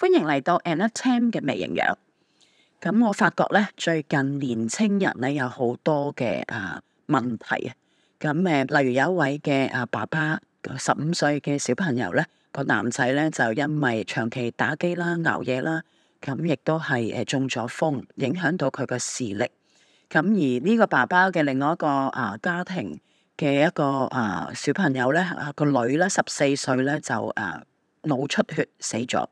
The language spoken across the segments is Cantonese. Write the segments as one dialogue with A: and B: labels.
A: 歡迎嚟到 Annette Tam 嘅微營養。咁我發覺咧，最近年青人咧有好多嘅啊問題啊。咁誒，例如有一位嘅啊爸爸，十五歲嘅小朋友咧，個男仔咧就因為長期打機啦、熬夜啦，咁亦都係誒中咗風，影響到佢嘅視力。咁而呢個爸爸嘅另外一個啊家庭嘅一個啊小朋友咧，個女咧十四歲咧就誒腦出血死咗。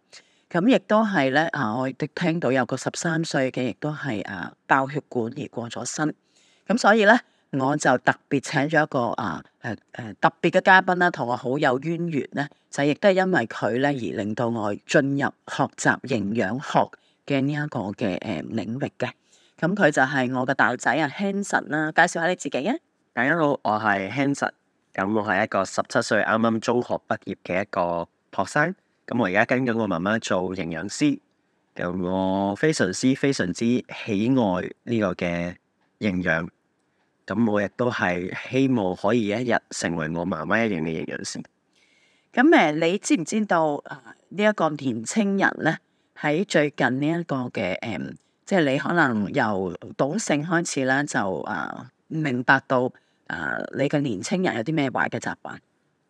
A: 咁亦都係咧，啊，我亦都聽到有個十三歲嘅，亦都係啊爆血管而過咗身。咁所以咧，我就特別請咗一個啊誒誒特別嘅嘉賓啦，同我好有淵源咧，就亦都係因為佢咧而令到我進入學習營養學嘅呢一個嘅誒領域嘅。咁佢就係我嘅大仔啊，Hanson 啦，介紹下你自己啊。大家好，我係 Hanson。咁我
B: 係一個十七歲啱啱中學畢業嘅一個學生。咁我而家跟緊我媽媽做營養師，咁我非常之非常之喜愛呢個嘅營養，咁我亦都係希望可以一日成為我
A: 媽媽一樣嘅營養師。咁誒，你知唔知道誒呢一個年青人咧，喺最近呢一個嘅誒、嗯，即係你可能由懂性開始啦，就誒、呃、明白到誒、呃、你嘅年青人有啲咩壞嘅習慣？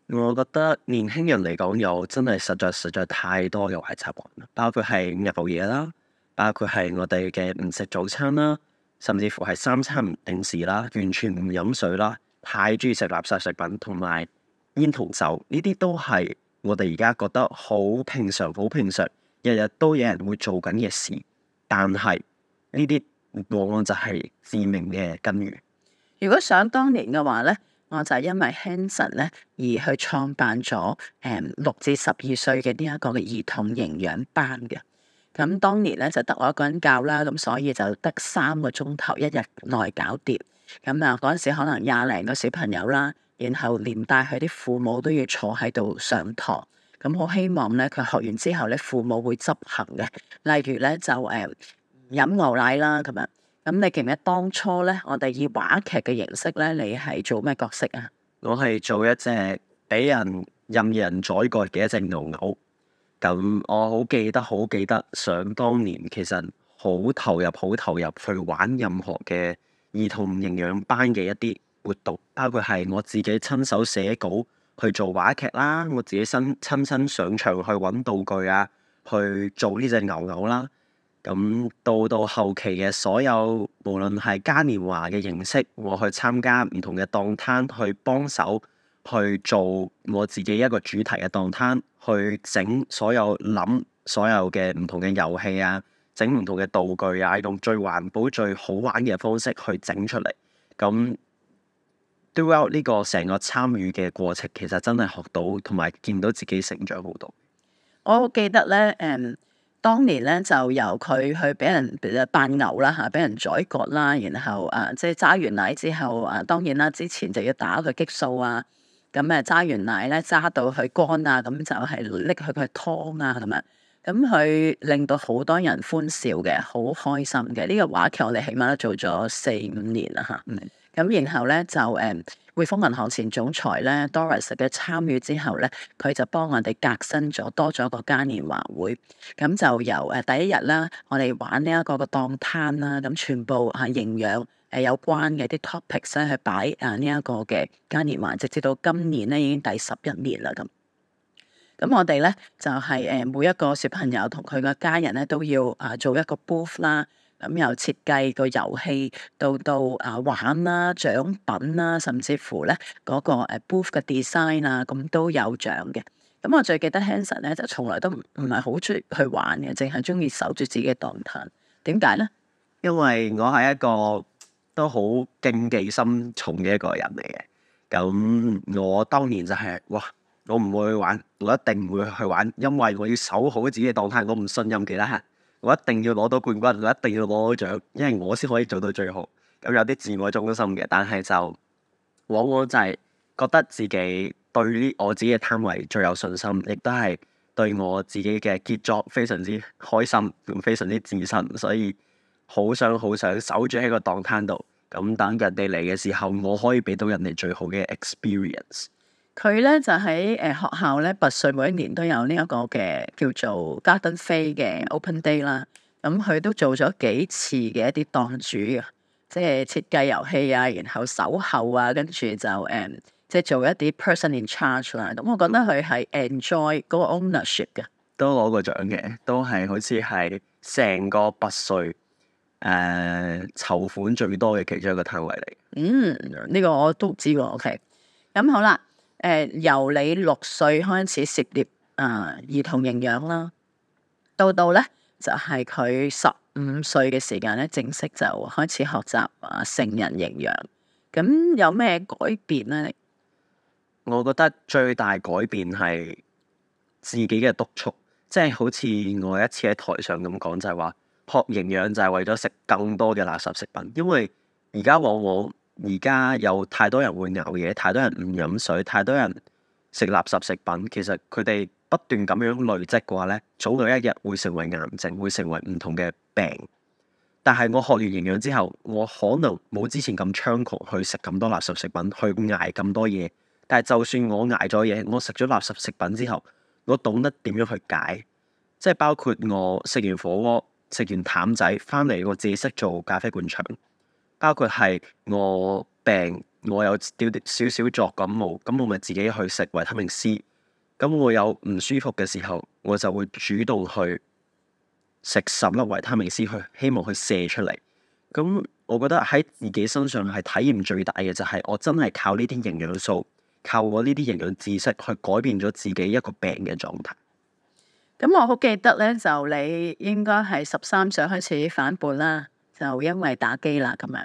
B: 我覺得年輕人嚟講又真係實在實在太多嘅壞習慣，包括係日做嘢啦，包括係我哋嘅唔食早餐啦，甚至乎係三餐唔定時啦，完全唔飲水啦，太中意食垃圾食品同埋煙同酒，呢啲都係我哋而家覺得好平常、好平常，日日都有人會做緊嘅事，但係呢啲往往就係
A: 致命嘅根源。如果想當年嘅話咧。我就係因為 Hanson 咧，而去創辦咗誒六至十二歲嘅呢一個嘅兒童營養班嘅。咁當年咧就得我一個人教啦，咁所以就得三個鐘頭一日內搞掂。咁啊，嗰陣時可能廿零個小朋友啦，然後連帶佢啲父母都要坐喺度上堂。咁好希望咧，佢學完之後咧，父母會執行嘅。例如咧，就誒、呃、飲牛奶啦，咁樣。咁你記唔記得當初咧，我哋以話劇嘅形式咧，你係做咩角色啊？
B: 我係做一隻俾人任人宰割嘅一隻牛牛。咁我好記得好記得，想當年其實好投入，好投入去玩任何嘅兒童營養班嘅一啲活動，包括係我自己親手寫稿去做話劇啦，我自己身親身上場去揾道具啊，去做呢隻牛牛啦。咁到到後期嘅所有，無論係嘉年華嘅形式，我去參加唔同嘅檔攤，去幫手去做我自己一個主題嘅檔攤，去整所有諗所有嘅唔同嘅遊戲啊，整唔同嘅道具啊，用最環保、最好玩嘅方式去整出嚟。咁，throughout 呢個成個參與嘅過程，其實真係學到，同埋見到自己成長好多。
A: 我記得咧，誒、嗯。當年咧就由佢去俾人扮牛啦，嚇，俾人宰割啦，然後，啊，即係揸完奶之後啊，當然啦，之前就要打個激素啊，咁啊揸完奶咧揸到佢乾啊，咁就係拎佢去湯啊咁樣，咁佢令到好多人歡笑嘅，好開心嘅。呢個話劇我哋起碼都做咗四五年啦嚇。咁然後咧就誒匯豐銀行前總裁咧 Doris 嘅參與之後咧，佢就幫我哋革新咗多咗一個嘉年華會。咁就由誒第一日啦，我哋玩呢一個嘅檔攤啦，咁全部係營養誒有關嘅啲 topic 先去擺啊，呢一個嘅嘉年華，直至到今年咧已經第十一年啦咁。咁我哋咧就係、是、誒每一個小朋友同佢嘅家人咧都要啊做一個 booth 啦。咁又設計個遊戲到到啊玩啦，獎品啦，甚至乎咧嗰個 booth 嘅 design 啊，咁都有獎嘅。咁我最記得 Hanson 咧，就從來都唔唔係好中意去玩嘅，淨係中意守住自己嘅檔攤。點解咧？
B: 因為我係一個都好競技心重嘅一個人嚟嘅。咁我當年就係、是、哇，我唔會去玩，我一定唔會去玩，因為我要守好自己嘅檔攤，我唔信任其他客。我一定要攞到冠軍，我一定要攞到獎，因為我先可以做到最好。咁、嗯、有啲自我中心嘅，但係就往往就係覺得自己對呢，我自己嘅攤位最有信心，亦都係對我自己嘅傑作非常之開心，非常之自信，所以好想好想守住喺個檔攤度，咁、嗯、等人哋嚟嘅時候，我可以俾到人哋最好嘅 experience。
A: 佢咧就喺誒、呃、學校咧，拔萃每一年都有呢一個嘅叫做 Garden Fair 嘅 Open Day 啦。咁、嗯、佢都做咗幾次嘅一啲檔主，即係設計遊戲啊，然後守候啊，跟住就誒、呃、即係做一啲 person in charge 啦。咁、嗯這個、我覺得佢係 enjoy 嗰個 ownership 嘅，都攞過獎嘅，
B: 都係好似係成個拔萃誒籌款最多嘅其中一個攤位嚟。
A: 嗯，呢個我都知喎。OK，咁好啦。誒、呃、由你六歲開始涉獵啊、呃、兒童營養啦，到到咧就係、是、佢十五歲嘅時間咧正式就開始學習啊成人營養。咁有咩改變咧？
B: 我覺得最大改變係自己嘅督促，即係好似我一次喺台上咁講就係話學營養就係為咗食更多嘅垃圾食品，因為而家往往。而家有太多人會熬夜，太多人唔飲水，太多人食垃圾食品。其實佢哋不斷咁樣累積嘅話咧，早有一日會成為癌症，會成為唔同嘅病。但係我學完營養之後，我可能冇之前咁猖狂去食咁多垃圾食品，去捱咁多嘢。但係就算我捱咗嘢，我食咗垃圾食品之後，我懂得點樣去解，即係包括我食完火鍋、食完淡仔，返嚟我自己識做咖啡灌腸。包括係我病，我有少少作感冒，咁我咪自己去食維他命 C。咁我有唔舒服嘅時候，我就會主動去食十粒維他命 C，去希望去射出嚟。咁我覺得喺自己身上係體驗最大嘅就係我真係靠呢啲營養素，靠我呢啲營養知識去改變咗自己一個病嘅狀態。
A: 咁我好記得咧，就你應該係十三歲開始反叛啦。就因為打機啦咁樣，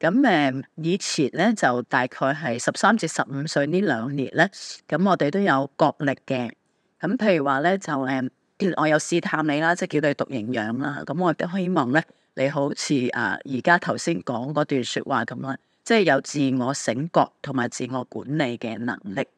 A: 咁誒以前咧就大概係十三至十五歲呢兩年咧，咁我哋都有角力嘅，咁譬如話咧就誒，我有試探你啦，即係叫你讀營養啦，咁我亦都希望咧，你好似啊而家頭先講嗰段説話咁啦，即係有自我醒覺同埋自我管理嘅能力。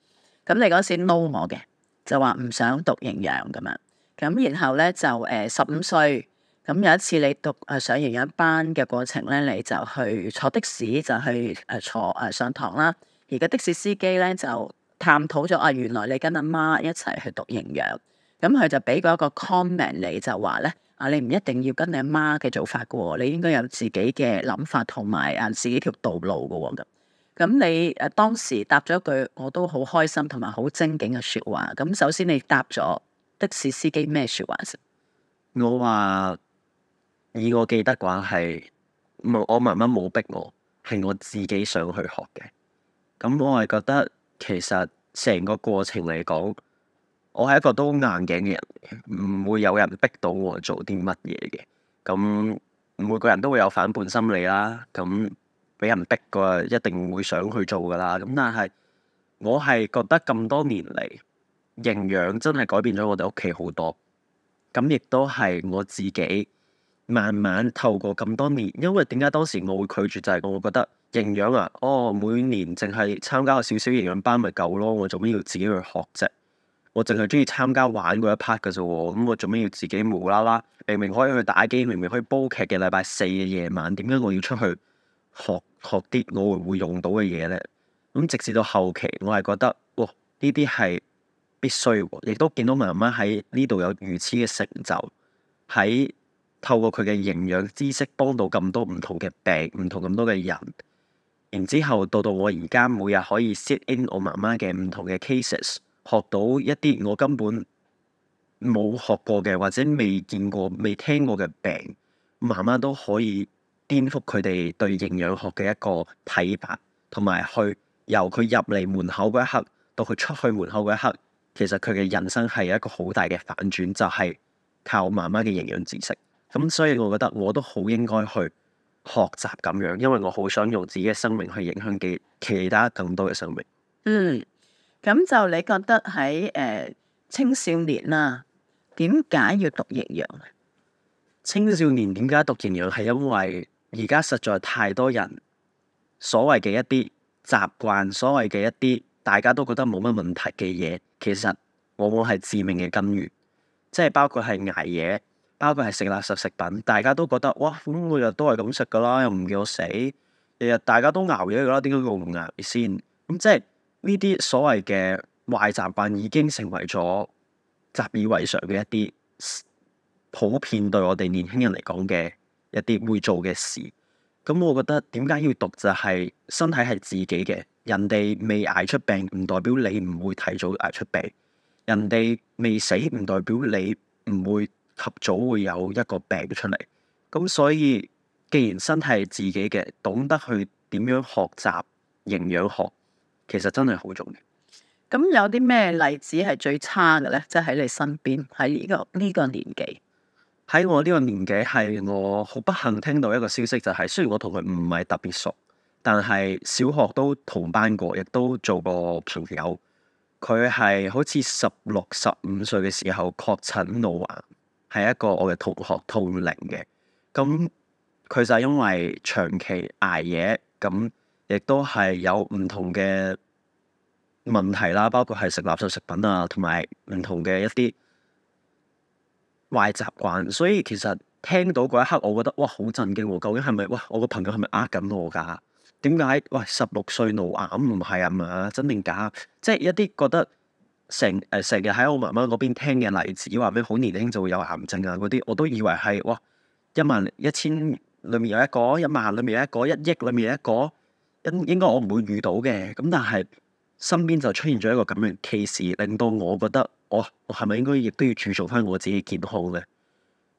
A: 咁你嗰時 no 我嘅，就話唔想讀營養咁樣，咁然後咧就誒十五歲。咁有一次你讀誒上營養班嘅過程咧，你就去坐的士，就去誒坐誒上堂啦。而家的士司機咧就探討咗啊，原來你跟阿媽一齊去讀營養，咁佢就俾個一個 comment 你，就話咧啊，你唔一定要跟你阿媽嘅做法嘅喎，哦，你應該有自己嘅諗法同埋啊自己條道路嘅喎咁。咁你誒當時答咗一句，我都好開心同埋好精警嘅説話。咁首先你答咗的士司機咩説話先？
B: 我話。以我記得嘅話，係我媽媽冇逼我，係我自己想去學嘅。咁我係覺得其實成個過程嚟講，我係一個都硬頸嘅人，唔會有人逼到我做啲乜嘢嘅。咁每個人都會有反叛心理啦。咁俾人逼過一定會想去做噶啦。咁但係我係覺得咁多年嚟，營養真係改變咗我哋屋企好多。咁亦都係我自己。慢慢透過咁多年，因為點解當時我會拒絕，就係我覺得營養啊，哦，每年淨係參加個少少營養班咪夠咯，我做咩要自己去學啫？我淨係中意參加玩嗰一 part 嘅啫喎，咁我做咩要自己無啦啦？明明可以去打機，明明可以煲劇嘅禮拜四嘅夜晚，點解我要出去學學啲我會用到嘅嘢咧？咁直至到後期，我係覺得哇，呢啲係必須喎，亦都見到媽媽喺呢度有如此嘅成就喺。透過佢嘅營養知識，幫到咁多唔同嘅病，唔同咁多嘅人。然之後到到我而家，每日可以 sit in 我媽媽嘅唔同嘅 cases，學到一啲我根本冇學過嘅，或者未見過、未聽過嘅病，媽媽都可以顛覆佢哋對營養學嘅一個睇法，同埋去由佢入嚟門口嗰一刻，到佢出去門口嗰一刻，其實佢嘅人生係一個好大嘅反轉，就係靠媽媽嘅營養知識。咁所以我覺得我都好應該去學習咁樣，因為我好想用自己嘅生命去影響幾其他更多嘅生命。
A: 嗯，咁就你覺得喺誒青少年啊，點解要讀營養？
B: 青少年點解讀營養？係因為而家實在太多人所謂嘅一啲習慣，所謂嘅一啲大家都覺得冇乜問題嘅嘢，其實往往係致命嘅根源，即係包括係捱夜。包括係食垃圾食品，大家都覺得哇，咁我日日都係咁食噶啦，又唔叫我死，日日大家都熬夜噶啦，點解唔熬先？咁即係呢啲所謂嘅壞習慣已經成為咗習以為常嘅一啲普遍對我哋年輕人嚟講嘅一啲會做嘅事。咁我覺得點解要讀就係、是、身體係自己嘅，人哋未捱出病唔代表你唔會提早捱出病，人哋未死唔代表你唔會。及早會有一個病出嚟，咁所以既然身體係自己嘅，懂得去點樣學習營養學，其實真係好重要。
A: 咁有啲咩例子係最差嘅咧？即係喺你身邊，喺呢個呢個年紀，
B: 喺我呢個年紀，係我好不幸聽到一個消息，就是，就係雖然我同佢唔係特別熟，但係小學都同班過，亦都做過朋友。佢係好似十六、十五歲嘅時候確診腦癌。係一個我嘅同學，同齡嘅，咁佢就因為長期挨夜，咁亦都係有唔同嘅問題啦，包括係食垃圾食品啊，同埋唔同嘅一啲壞習慣。所以其實聽到嗰一刻，我覺得哇，好震驚、啊！究竟係咪？哇，我個朋友係咪呃緊我噶？點解？喂，十六歲腦癌唔係啊嘛、啊？真定假？即係一啲覺得。成誒，成日喺我媽媽嗰邊聽嘅例子，話咩好年輕就會有癌症啊，嗰啲我都以為係哇，一萬一千裏面有一個，一萬裏面有一個，一億裏面有一個，應應該我唔會遇到嘅。咁但係身邊就出現咗一個咁樣嘅 case 令到我覺得，我我係咪應該亦都要注重翻我自己健康咧？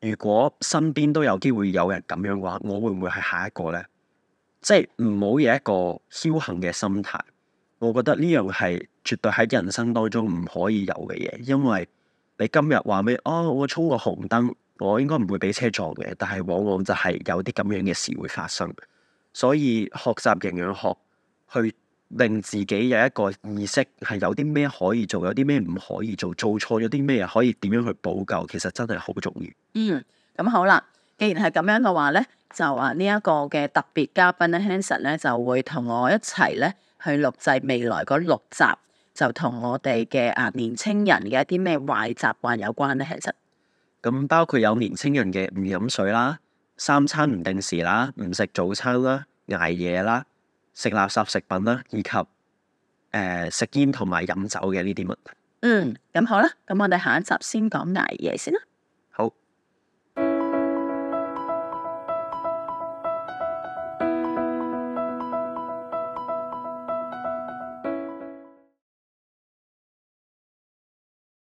B: 如果身邊都有機會有人咁樣嘅話，我會唔會係下一個咧？即係唔好有一個僥倖嘅心態。我覺得呢樣係絕對喺人生當中唔可以有嘅嘢，因為你今日話咩哦，我衝個紅燈，我應該唔會俾車撞嘅，但係往往就係有啲咁樣嘅事會發生。所以學習營養學，去令自己有一個意識，係有啲咩可以做，有啲咩唔可以做，做錯咗啲咩可以點樣去補救，其實真係好重
A: 要。嗯，咁好啦，既然係咁樣嘅話咧，就啊、這個、呢一個嘅特別嘉賓咧 Hanson 咧就會同我一齊咧。去錄製未來嗰六集，就同我哋嘅啊年青人嘅一啲咩壞習慣有關咧。其實咁包
B: 括有年青人嘅唔飲水啦、三餐唔定時啦、唔食早餐啦、捱夜啦、食垃圾食品啦，以及誒、呃、食煙同埋飲
A: 酒嘅呢啲問題。嗯，咁好啦，咁我哋下一集先講捱夜先啦。